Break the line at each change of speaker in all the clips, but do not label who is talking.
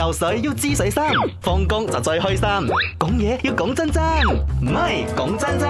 游水要知水深，放工就最開心。
講嘢要講真真，
唔係講真真。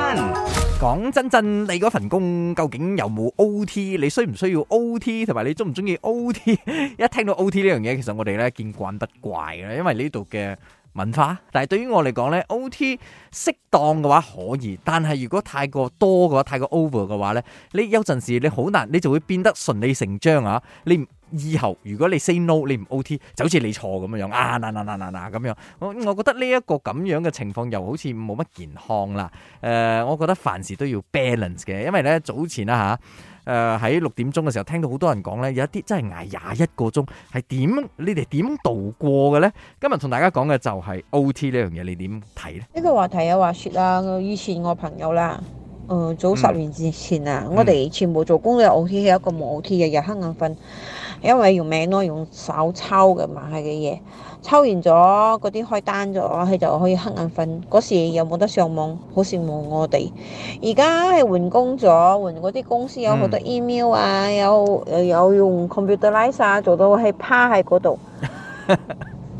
講真真，你嗰份工究竟有冇 OT？你需唔需要 OT？同埋你鍾唔鍾意 OT？一聽到 OT 呢樣嘢，其實我哋咧見慣不怪嘅，因為呢度嘅文化。但係對於我嚟講咧，OT 適當嘅話可以，但係如果太過多嘅話，太過 over 嘅話咧，你有陣時你好難，你就會變得順理成章啊！你。以後如果你 say no，你唔 OT 就好似你錯咁樣，啊嗱嗱嗱嗱嗱咁樣。我、啊啊啊啊啊啊啊、我覺得呢一個咁樣嘅情況又好似冇乜健康啦。誒、呃，我覺得凡事都要 balance 嘅，因為咧早前啦嚇，誒喺六點鐘嘅時候聽到好多人講咧，有一啲真係捱廿一個鐘，係點？你哋點度過嘅咧？今日同大家講嘅就係 OT 呢樣嘢，你點睇咧？
呢、呢個話題啊話説啦，以前我朋友啦。誒、嗯、早十年之前啊、嗯，我哋全部做工嘅，OT 係一個冇 OT 日日黑眼瞓，因為用名咯，用手抄嘅嘛。係嘅嘢，抄完咗嗰啲開單咗，佢就可以黑眼瞓。嗰時又冇得上網，好羨慕我哋。而家係換工咗，換嗰啲公司有好多 email 啊，嗯、有有用 computer l i c 拉曬，做到佢趴喺嗰度，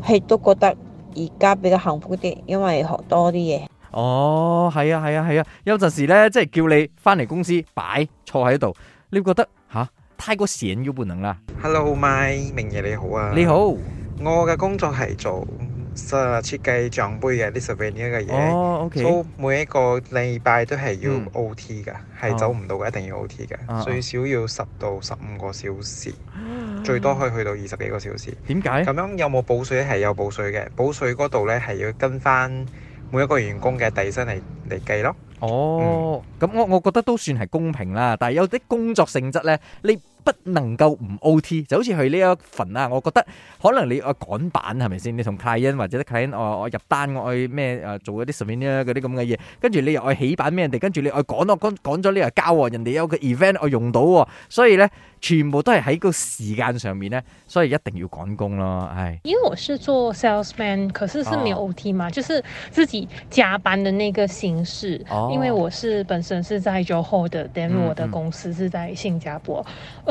係 都覺得而家比較幸福啲，因為學多啲嘢。哦，
係啊，係啊，係啊！有陣時咧，即係叫你翻嚟公司擺坐喺度，你會覺得
吓、啊、太過閒要不能啦。Hello，my，明爺你好啊。你好，我嘅工作係做設計獎杯嘅，呢十幾年嘅嘢。哦，O K。所以每一個禮拜都係要 O T 嘅，係、嗯、走唔到嘅，一定要 O T 嘅，最、uh -huh. 少要十到十五個小時，uh -huh. 最多可以去到二十幾個小時。點解？咁樣有冇補水？係有補水嘅，補水嗰度咧係要跟翻。每一個員工嘅底薪嚟嚟計咯。哦、嗯
咁我，我覺得都算係公平啦。但係有啲工作性質呢。你。不能夠唔 O T，就好似佢呢一份啊，我覺得可能你愛趕版係咪先？你同凱恩或者啲凱恩，我我入單，我去咩誒做嗰啲上面咧嗰啲咁嘅嘢，跟住你又愛起版咩人哋，跟住你愛趕咯，趕趕咗呢個交喎，人哋有個 event 我用到喎，所以咧全部都係喺個時間上面咧，所以一定要趕工咯，唉。
因為我是做 salesman，可是是冇 O T 嘛、哦，就是自己加班的那個形式。哦、因為我是本身是在 JoHo 的 then、嗯、我的公司是在新加坡。嗯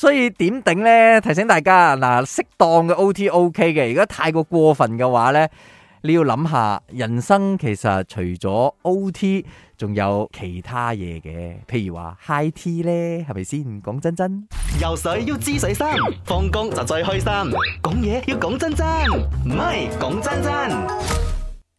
所以點頂呢？提醒大家嗱，適當嘅 O T O K 嘅，如果太過過分嘅話呢，你要諗下，人生其實除咗 O T，仲有其他嘢嘅，譬如話 high tea 呢，係咪先？講真真，
游水要知水深，放工就最開心，講嘢要講真真，唔係講真真。